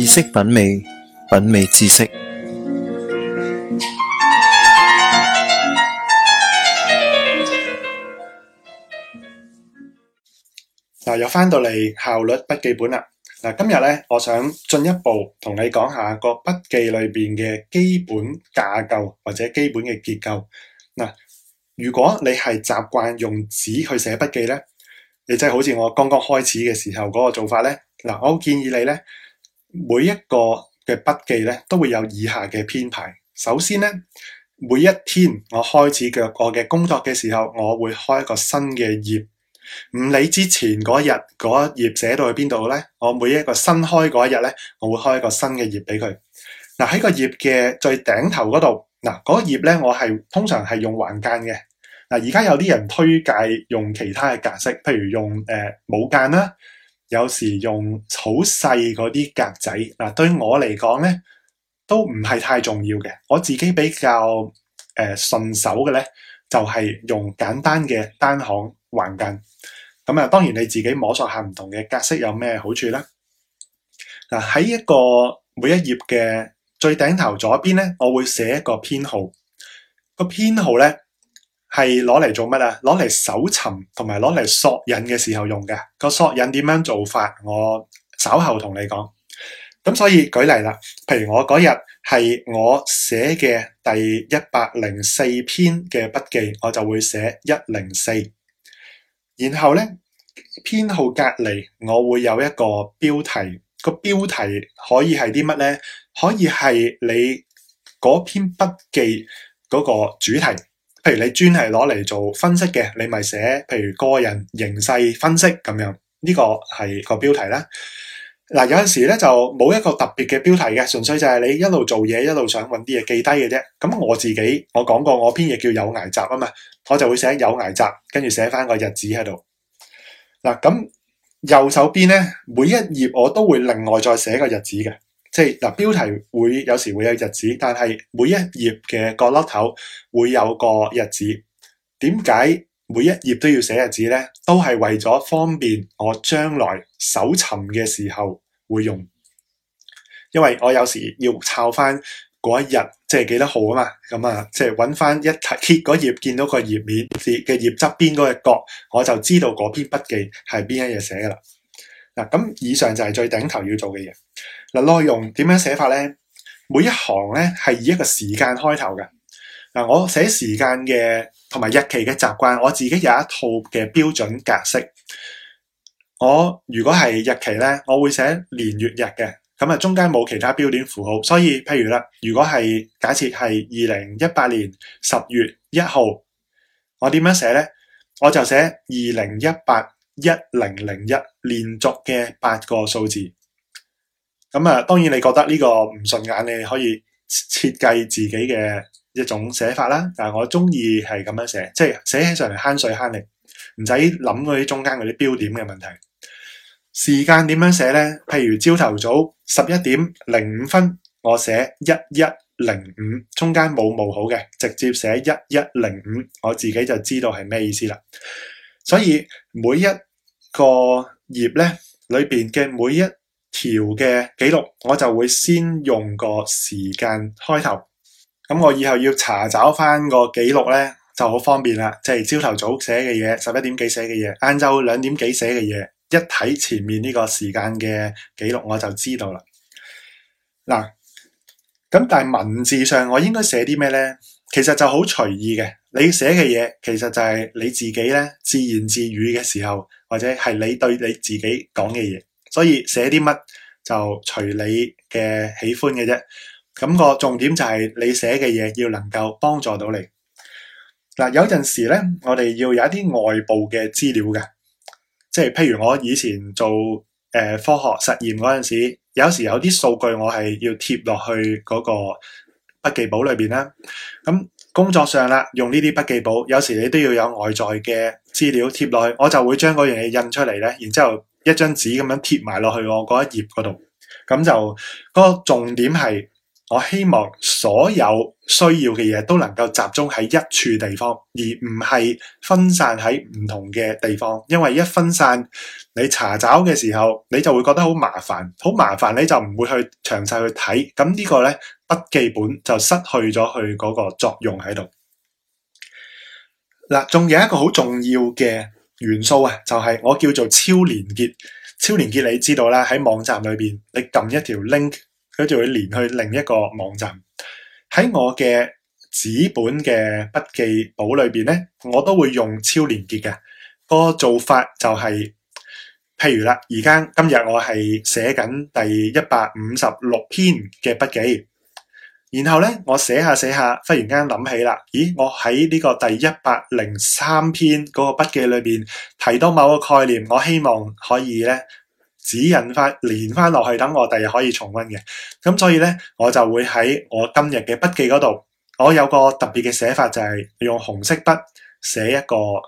知識品味，品味知識。嗱，又翻到嚟效率筆記本啦。嗱，今日咧，我想進一步同你講下個筆記裏邊嘅基本架構或者基本嘅結構。嗱，如果你係習慣用紙去寫筆記咧，你即係好似我剛剛開始嘅時候嗰個做法咧。嗱，我建議你咧。每一個嘅筆記咧，都會有以下嘅編排。首先咧，每一天我開始腳過嘅工作嘅時候，我會開一個新嘅頁。唔理之前嗰日嗰一頁寫到去邊度咧，我每一個新開嗰一日咧，我會開一個新嘅頁俾佢。嗱、啊、喺個頁嘅最頂頭嗰度，嗱嗰頁咧，我係通常係用橫間嘅。嗱，而家有啲人推介用其他嘅格式，譬如用誒冇間啦。有時用好細嗰啲格仔，嗱對我嚟講咧，都唔係太重要嘅。我自己比較誒、呃、順手嘅咧，就係、是、用簡單嘅單行橫間。咁啊，當然你自己摸索下唔同嘅格式有咩好處咧。嗱喺一個每一頁嘅最頂頭左邊咧，我會寫一個編號。個編號咧。係攞嚟做乜啊？攞嚟搜尋同埋攞嚟索引嘅時候用嘅。個索引點樣做法？我稍後同你講。咁所以舉例啦，譬如我嗰日係我寫嘅第一百零四篇嘅筆記，我就會寫一零四。然後咧，編號隔離我會有一個標題。個標題可以係啲乜咧？可以係你嗰篇筆記嗰個主題。譬如你專係攞嚟做分析嘅，你咪寫譬如個人形勢分析咁樣，呢個係個標題啦。嗱，有陣時咧就冇一個特別嘅標題嘅，純粹就係你一路做嘢一路想搵啲嘢記低嘅啫。咁我自己我講過我篇嘢叫有崖集啊嘛，我就會寫有崖集，跟住寫翻個日子喺度。嗱，咁右手邊咧每一頁我都會另外再寫個日子嘅。即係嗱，標題會有時會有日子，但係每一頁嘅角落頭會有個日子。點解每一頁都要寫日子咧？都係為咗方便我將來搜尋嘅時候會用，因為我有時要抄翻嗰一日，即係幾多號啊嘛。咁啊，即係揾翻一揭嗰頁，見到個頁面嘅頁側邊嗰個角，我就知道嗰篇筆記係邊一日寫噶啦。嗱，咁以上就係最頂頭要做嘅嘢。嗱，內容點樣寫法咧？每一行咧係以一個時間開頭嘅。嗱，我寫時間嘅同埋日期嘅習慣，我自己有一套嘅標準格式。我如果係日期咧，我會寫年月日嘅，咁啊中間冇其他標點符號。所以，譬如啦，如果係假設係二零一八年十月一號，我點樣寫咧？我就寫二零一八。一零零一連續嘅八個數字，咁啊，當然你覺得呢個唔順眼，你可以設計自己嘅一種寫法啦。但係我中意係咁樣寫，即係寫起上嚟慳水慳力，唔使諗嗰啲中間嗰啲標點嘅問題。時間點樣寫呢？譬如朝頭早十一點零五分，我寫一一零五，中間冇冇好嘅，直接寫一一零五，我自己就知道係咩意思啦。所以每一個頁咧裏邊嘅每一條嘅記錄，我就會先用個時間開頭。咁我以後要查找翻個記錄咧，就好方便啦，即係朝頭早寫嘅嘢，十一點幾寫嘅嘢，晏晝兩點幾寫嘅嘢，一睇前面呢個時間嘅記錄，我就知道啦。嗱，咁但係文字上我應該寫啲咩咧？其實就好隨意嘅。你寫嘅嘢其實就係你自己咧，自言自語嘅時候，或者係你對你自己講嘅嘢，所以寫啲乜就隨你嘅喜歡嘅啫。咁個重點就係你寫嘅嘢要能夠幫助到你。嗱，有陣時咧，我哋要有一啲外部嘅資料嘅，即係譬如我以前做誒、呃、科學實驗嗰陣時，有時有啲數據我係要貼落去嗰個筆記簿裏邊啦。咁。工作上啦，用呢啲筆記簿，有時你都要有外在嘅資料貼落去，我就會將嗰樣嘢印出嚟咧，然之後一張紙咁樣貼埋落去我嗰一頁嗰度，咁就嗰、嗰個重點係。我希望所有需要嘅嘢都能夠集中喺一處地方，而唔係分散喺唔同嘅地方。因為一分散，你查找嘅時候，你就會覺得好麻煩，好麻煩，你就唔會去詳細去睇。咁呢個咧，筆記本就失去咗佢嗰個作用喺度。嗱，仲有一個好重要嘅元素啊，就係、是、我叫做超連結。超連結你知道啦，喺網站裏邊，你撳一條 link。佢就會連去另一個網站。喺我嘅紙本嘅筆記簿裏面咧，我都會用超連結嘅。個做法就係，譬如啦，而家今日我係寫緊第一百五十六篇嘅筆記，然後咧我寫下寫下，忽然間諗起啦，咦，我喺呢個第一百零三篇嗰個筆記裏面提到某個概念，我希望可以咧。指引翻，連翻落去，等我第日可以重溫嘅。咁所以咧，我就會喺我今日嘅筆記嗰度，我有個特別嘅寫法，就係用紅色筆寫一個誒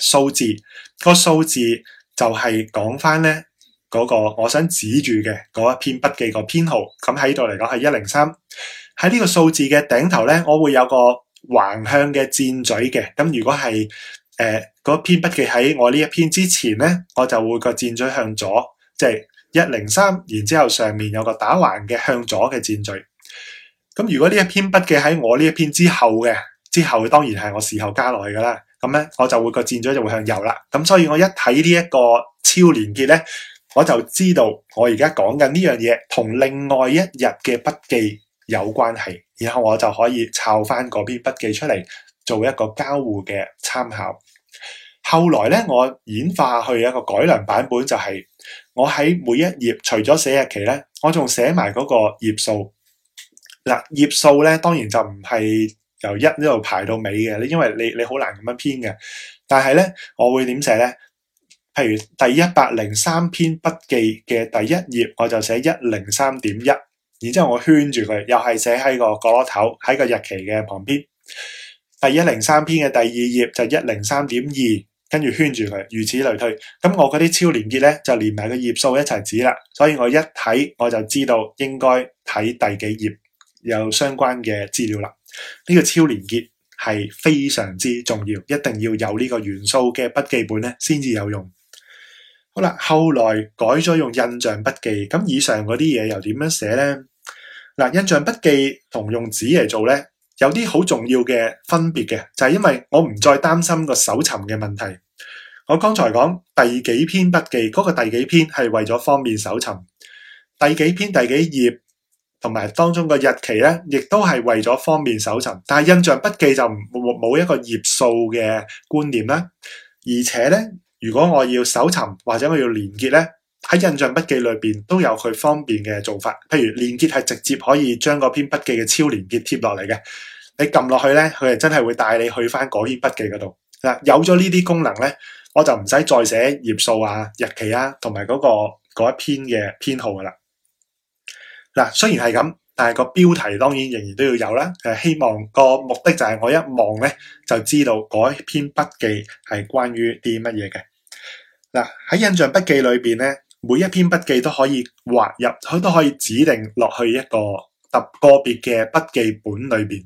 數字。個數字就係講翻咧嗰個我想指住嘅嗰一篇筆記個編號。咁喺度嚟講係一零三。喺呢個數字嘅頂頭咧，我會有個橫向嘅箭嘴嘅。咁如果係誒，嗰、呃、篇筆記喺我呢一篇之前咧，我就會個箭嘴向左，即係一零三，然之後上面有個打橫嘅向左嘅箭嘴。咁如果呢一篇筆記喺我呢一篇之後嘅，之後當然係我事後加落去噶啦。咁咧，我就會個箭嘴就會向右啦。咁所以我一睇呢一個超連結咧，我就知道我而家講緊呢樣嘢同另外一日嘅筆記有關係，然後我就可以抄翻嗰篇筆記出嚟。做一個交互嘅參考。後來咧，我演化去一個改良版本，就係我喺每一頁除咗寫日期咧，我仲寫埋嗰個頁數。嗱，頁數咧，當然就唔係由一呢度排到尾嘅，因為你你好難咁樣編嘅。但係咧，我會點寫咧？譬如第一百零三篇筆記嘅第一頁，我就寫一零三點一，然之後我圈住佢，又係寫喺個角落頭喺個日期嘅旁邊。第一零三篇嘅第二頁就一零三點二，跟住圈住佢，如此類推。咁我嗰啲超連結咧就連埋個頁數一齊指啦，所以我一睇，我就知道應該睇第幾頁有相關嘅資料啦。呢個超連結係非常之重要，一定要有呢個元素嘅筆記本咧先至有用。好啦，後來改咗用印象筆記，咁以上嗰啲嘢又點樣寫咧？嗱，印象筆記同用紙嚟做咧。有啲好重要嘅分別嘅，就係、是、因為我唔再擔心個搜尋嘅問題。我剛才講第幾篇筆記嗰、那個第幾篇係為咗方便搜尋，第幾篇第幾頁，同埋當中個日期咧，亦都係為咗方便搜尋。但係印象筆記就冇一個頁數嘅觀念啦，而且咧，如果我要搜尋或者我要連結咧。喺印象筆記裏面都有佢方便嘅做法，譬如連結係直接可以將嗰篇筆記嘅超連結貼落嚟嘅，你撳落去咧，佢係真係會帶你去翻嗰篇筆記嗰度。嗱，有咗呢啲功能咧，我就唔使再寫頁數啊、日期啊同埋嗰個嗰一篇嘅編號噶啦。嗱，雖然係咁，但係個標題當然仍然都要有啦。誒，希望個目的就係我一望咧就知道嗰一篇筆記係關於啲乜嘢嘅。嗱，喺印象筆記裏面咧。每一篇筆記都可以劃入，佢都可以指定落去一個特個別嘅筆記本裏邊。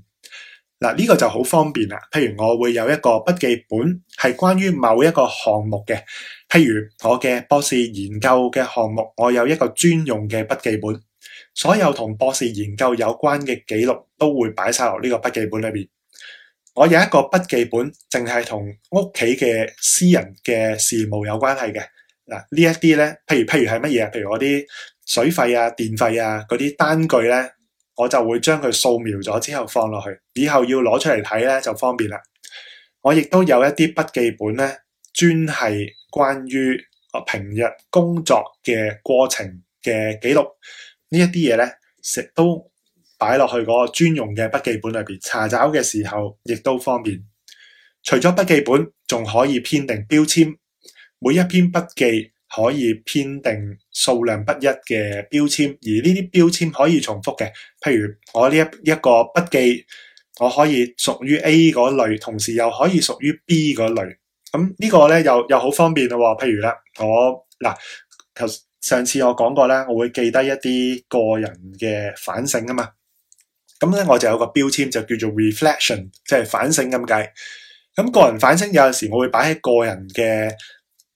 嗱，呢個就好方便啦。譬如我會有一個筆記本係關於某一個項目嘅，譬如我嘅博士研究嘅項目，我有一個專用嘅筆記本，所有同博士研究有關嘅記錄都會擺曬落呢個筆記本裏邊。我有一個筆記本淨係同屋企嘅私人嘅事務有關係嘅。嗱，呢一啲咧，譬如譬如係乜嘢？譬如我啲水費啊、電費啊嗰啲單據咧，我就會將佢掃描咗之後放落去，以後要攞出嚟睇咧就方便啦。我亦都有一啲筆記本咧，專係關於我平日工作嘅過程嘅記錄，呢一啲嘢咧食都擺落去嗰個專用嘅筆記本裏邊，查找嘅時候亦都方便。除咗筆記本，仲可以編定標籤。每一篇筆記可以編定數量不一嘅標籤，而呢啲標籤可以重複嘅。譬如我呢一一個筆記，我可以屬於 A 嗰類，同時又可以屬於 B 嗰類。咁呢個咧又又好方便咯。譬如啦我嗱，上次我講過咧，我會記低一啲個人嘅反省啊嘛。咁咧我就有個標籤就叫做 reflection，即係反省咁計。咁個人反省有陣時我會擺喺個人嘅。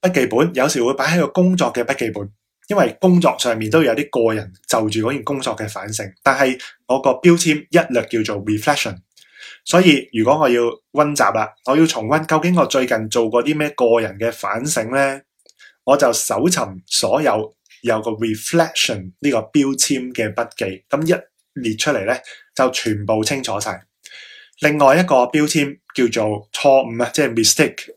筆記本有時會擺喺個工作嘅筆記本，因為工作上面都有啲個人就住嗰件工作嘅反省。但係我個標籤一律叫做 reflection。所以如果我要溫習啦，我要重溫究竟我最近做過啲咩個人嘅反省咧，我就搜尋所有有個 reflection 呢個標籤嘅筆記，咁一列出嚟咧就全部清楚晒。另外一個標籤叫做錯誤啊，即係 mistake。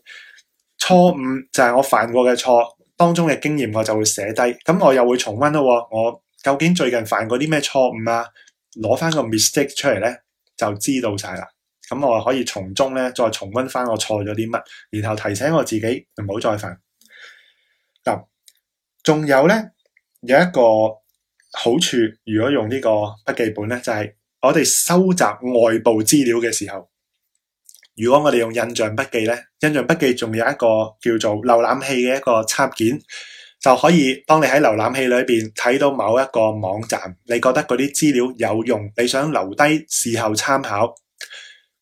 錯誤就係我犯過嘅錯當中嘅經驗，我就會寫低。咁我又會重溫咯。我究竟最近犯過啲咩錯誤啊？攞翻個 mistake 出嚟咧，就知道晒啦。咁我可以從中咧再重溫翻我錯咗啲乜，然後提醒我自己唔好再犯。嗱、嗯，仲有咧有一個好處，如果用呢個筆記本咧，就係、是、我哋收集外部資料嘅時候。如果我哋用印象筆記咧，印象筆記仲有一個叫做瀏覽器嘅一個插件，就可以幫你喺瀏覽器裏邊睇到某一個網站，你覺得嗰啲資料有用，你想留低事後參考，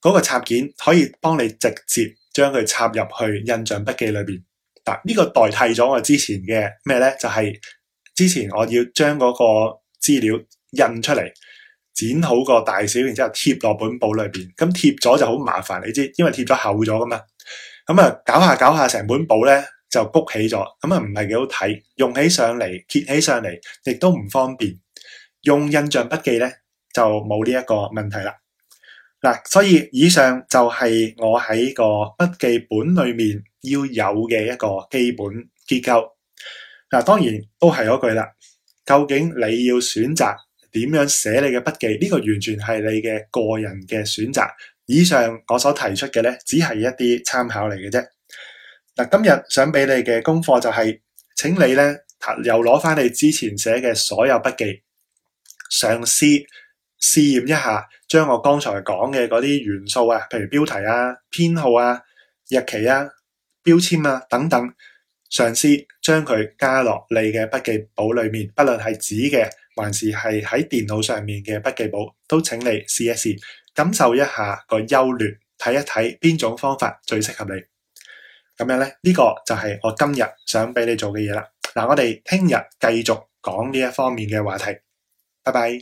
嗰個插件可以幫你直接將佢插入去印象筆記裏邊。嗱，呢個代替咗我之前嘅咩咧？就係之前我要將嗰個資料印出嚟。剪好個大小，然之後貼落本簿裏邊，咁貼咗就好麻煩你知，因為貼咗厚咗噶嘛。咁、嗯、啊，搞下搞下，成本簿咧就谷起咗，咁啊唔係幾好睇，用起上嚟，揭起上嚟亦都唔方便。用印象筆記咧就冇呢一個問題啦。嗱，所以以上就係我喺個筆記本裏面要有嘅一個基本結構。嗱，當然都係嗰句啦，究竟你要選擇，點樣寫你嘅筆記，呢個完全係你嘅個人嘅選擇。以上我所提出嘅呢，只係一啲參考嚟嘅啫。嗱，今日想俾你嘅功課就係，請你呢，又攞翻你之前寫嘅所有筆記，嘗試，試驗一下，將我剛才講嘅嗰啲元素啊，譬如標題啊、編號啊、日期啊、標籤啊等等，嘗試將佢加落你嘅筆記簿裏面，不論係紙嘅。凡是係喺電腦上面嘅筆記簿，都請你試一試，感受一下個優劣，睇一睇邊種方法最適合你。咁樣咧，呢個就係我今日想俾你做嘅嘢啦。嗱，我哋聽日繼續講呢一方面嘅話題。拜拜。